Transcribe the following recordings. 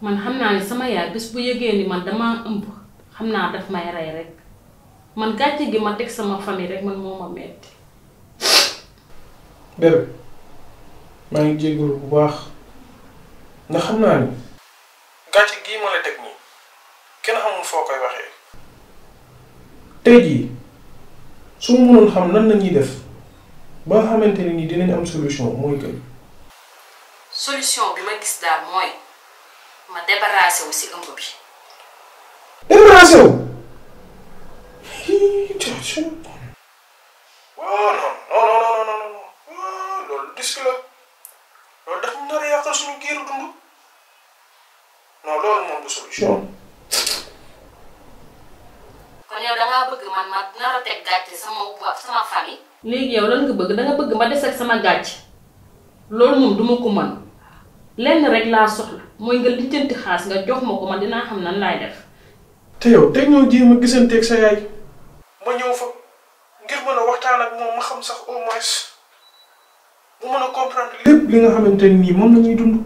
man xam naa ne sama yaay bés bu yëgee ni man damaa ëmb xam naa daf may rey rek man gàcce gi ma teg sama famille rek man moo ma metti bébé maa ngi jégalu bu baax ndax xam naa ni gàcce gii ma la teg nii kenn xamul foo koy waxee tey jii su mu mënoon xam nan la ñuy def ba xamante ne nii dinañ am solution mooy kay solution bi ma gis mooy ma débarrassé wu si ëmb bi. débarrassé wu. waaw oh, non non non non oh, loolu risque la loolu daf a kon yow da bëgg man ma nar a teg gàcce sama sama famille. léegi yow lan bëgg da bëgg ma des ak sama gàcce loolu moom du ma ko mën. lenn rek laa soxla mooy nga lijjanti xaas nga jox ma ko man dinaa xam nan laay def. te yow teg ñoo jéem a gisanteeg sa yaay. ma ñëw fa ngir mën a waxtaan ak moom ma xam sax au moins mu a comprendre lépp li nga xamante nii moom la ñuy dund.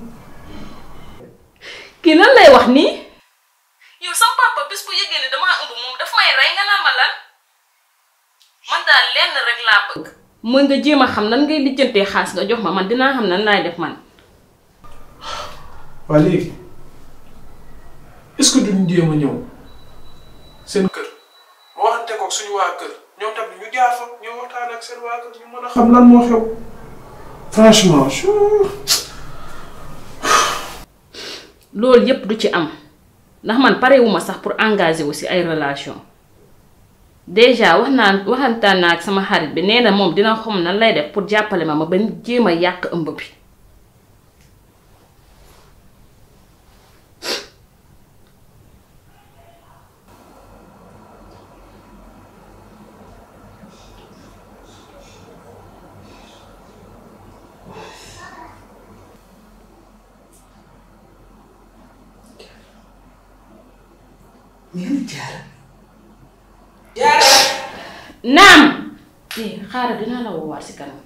kii lan lay wax nii. yow sama papa bis bu yëgee ne damaa ëmb moom daf may rey nga naan ma lan man daal lenn rek laa bëgg. mooy nga jéem a xam nan ngay lijjantee xaas nga jox ma man dinaa xam nan laay def man. waa léegi est-ce que duñ jéem a ñëw seen kër mu waxante koog suñu waa kër ñoom tam ñu jaar ñu waxtaan ak seen waa kër ñu mën a xam lan moo xew franchement loolu yépp du ci am ndax man parewuma sax pour engager wu si ay relation déjà wax naa waxantaan naa ak sama xarit bi nee na moom dina xam nan lay def pour jàppale ma ma ba jéem a yàq ëmb bi naam. eh xaaral dinaa la woowaat si kanam.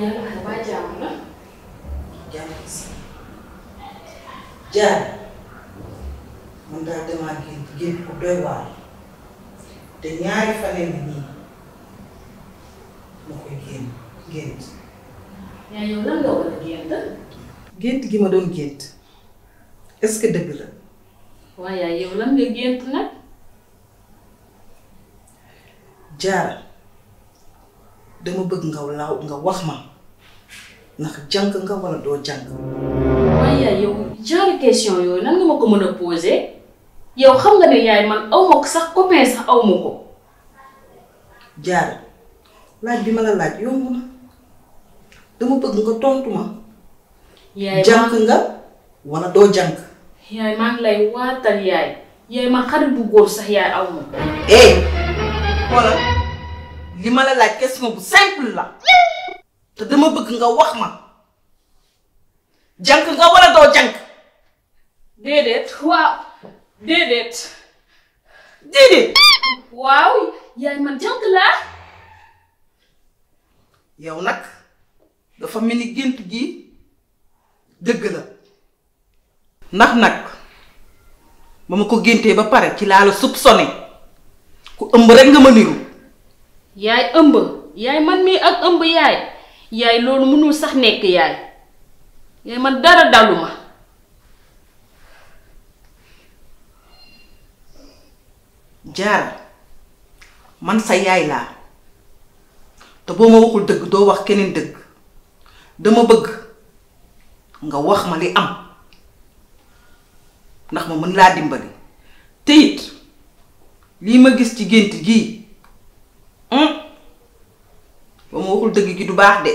ñaari jaar mun daa demaa gént gént bu doy waar te ñaari fan yi nii ma koy génn gént. yaa yow nga war gént. gént gi ma doon gént est-ce la. waaye yow lan nga gént nag. jaar dama bëgg nga laaw nga wax ma. ndax jàng nga wala doo jàng. waaye yow genre question yooyu nan nga ma ko mën a posé yow xam nga ne yaay man aw ko sax copain sax aw ma ko. jaar laaj bi ma la laaj yomb na bëgg nga tontu ma. yaay jàng nga wala doo jàng. yaay maa ngi lay waatal bu góor ma. Eh, laaj question bu simple la. te dama bëgg nga wax ma janq nga walla doo jànk déedéet waaw déedéet déedéet waaw yaay man jànk laa yow nag dafa mel ni gént gi dëgg la ndax nag ba ma ko géntee ba pare ci laa la soupçonné ku ëmb rekk nga ma niru yaay ëmb yaay man mii ak ëmb yaay yaay loolu mënul sax nekk yaay yaay man dara daluma jaara man sa yaay laa te boo ma waxul dëgg doo wax keneen dëgg dama bëgg nga wax ma li am ndax ma mën laa dimbali te lii ma gis ci gént gii hmm, ma waxul dëgg gi du baax de.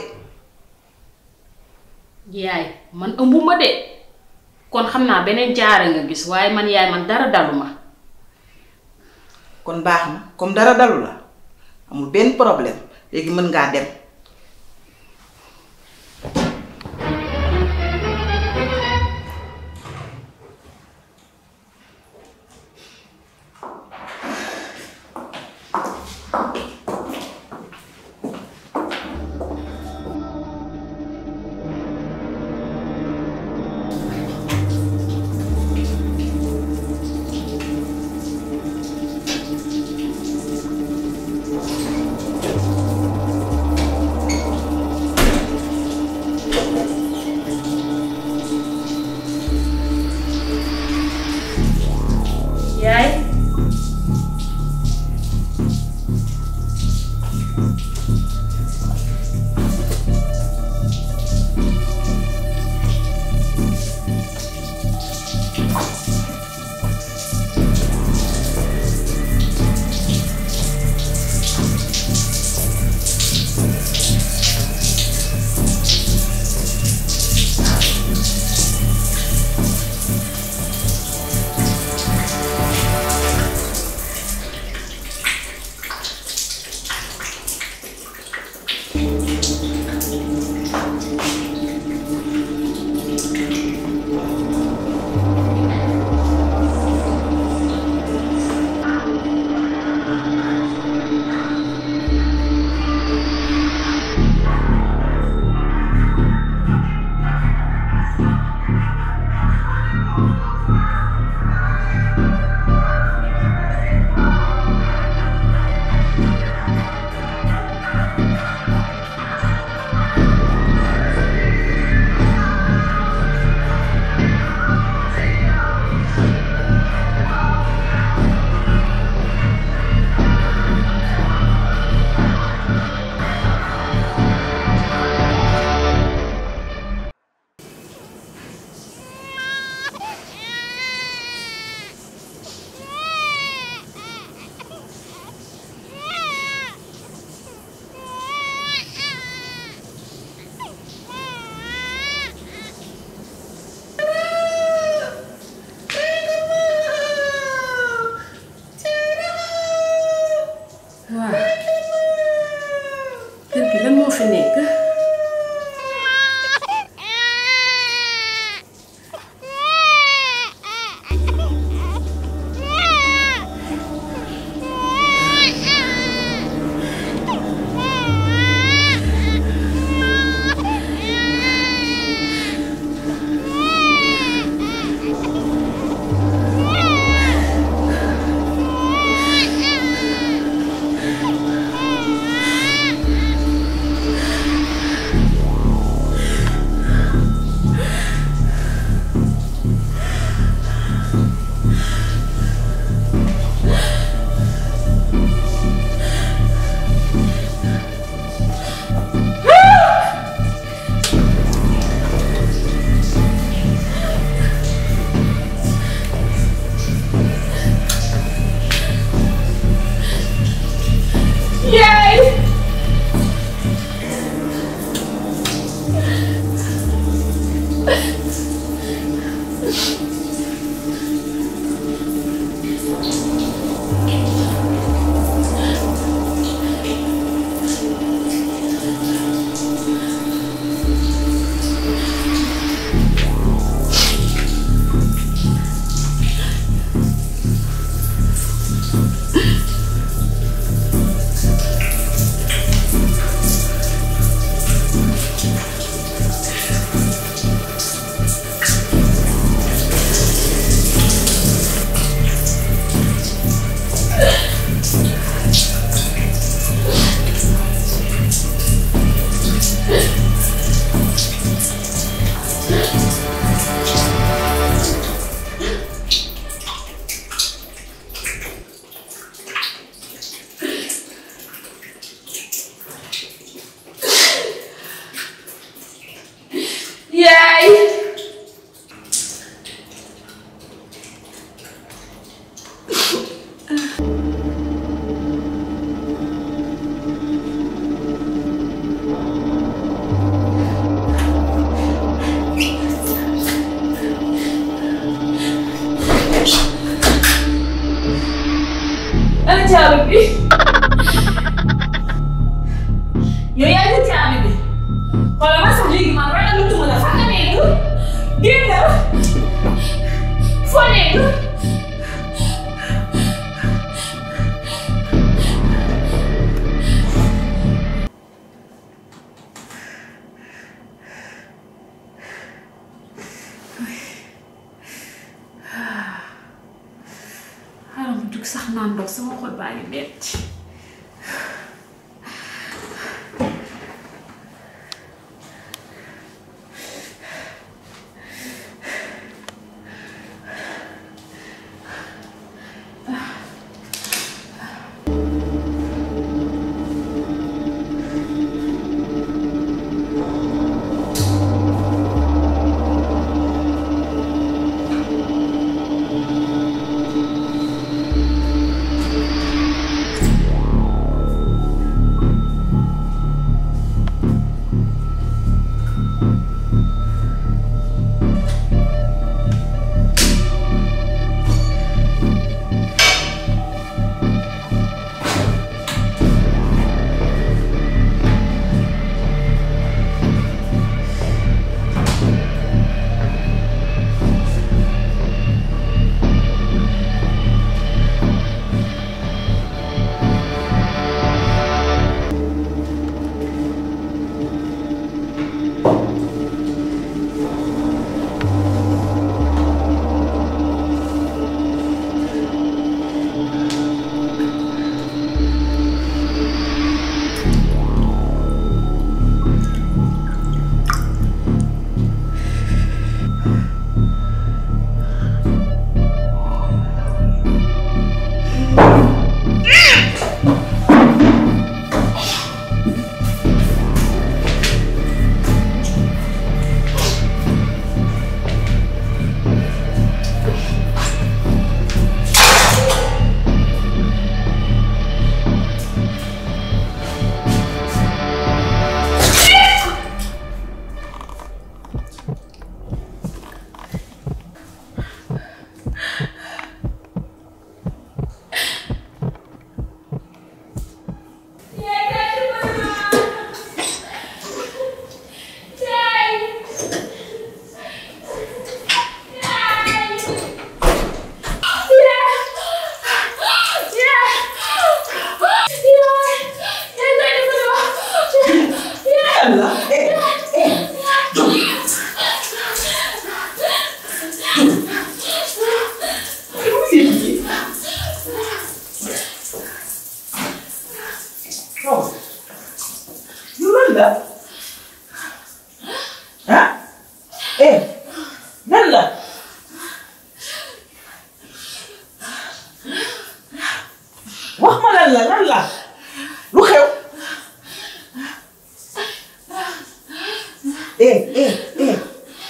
yaay man ma de kon xam naa beneen jaar a nga gis waaye man yaay man dara dalu ma. kon baax ma comme dara dalu la amul benn problème léegi mën ngaa dem. waaw kër gi lan moo fi nekk. ma jug sax naan ndox sama xol baa ngi metti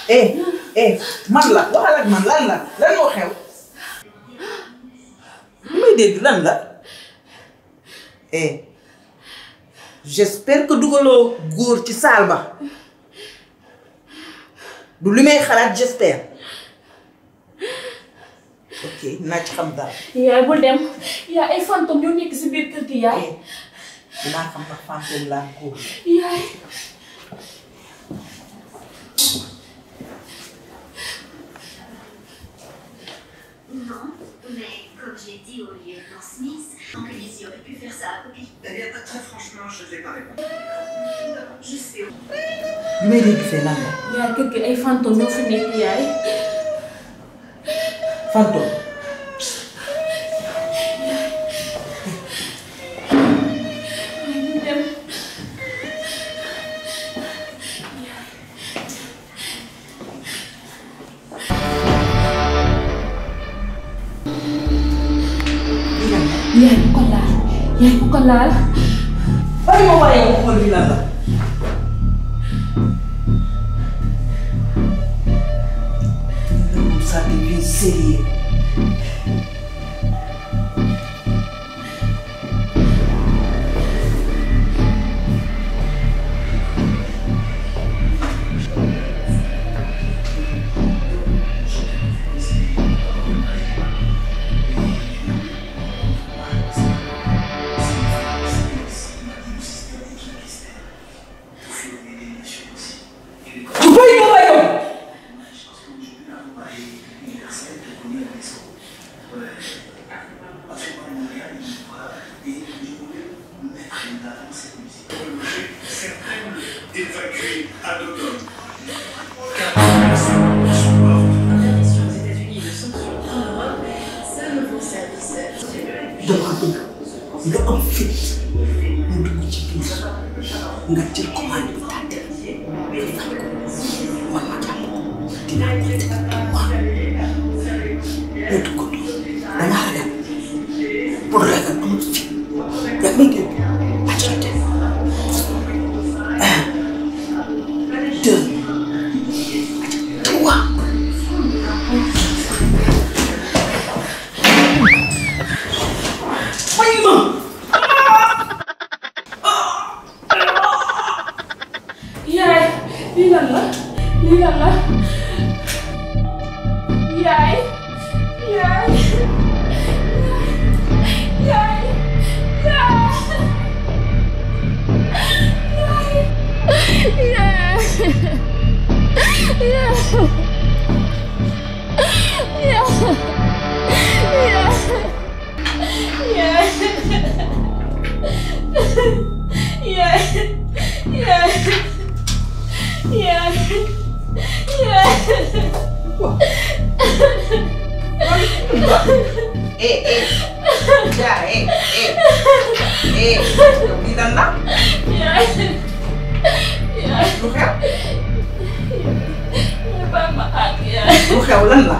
eh eh man la waxal ak man lan la lan moo xew. lu may dégg lan la eh j'espère que dugaloo góor ci saal ba du li may xalaat j'espère ok naa ci xam dara. yaay bul dem yaay ay fantôme ñoo nekk si biir kër gi yaay. Eh, xam ba fantôme laa góor. yaay. Non, mais comme j'ai dit au lieutenant Smith, donc Lizzie aurait pu faire ça à Poppy. Eh bien, très franchement, je ne vais pas répondre. Je sais où. Mais il fait là. Il y a quelques fantômes qui sont venus. Fantômes laal. bàyyi ma waaye yow xool bi lan la. sérieux pour ragal amul fi xew lan la.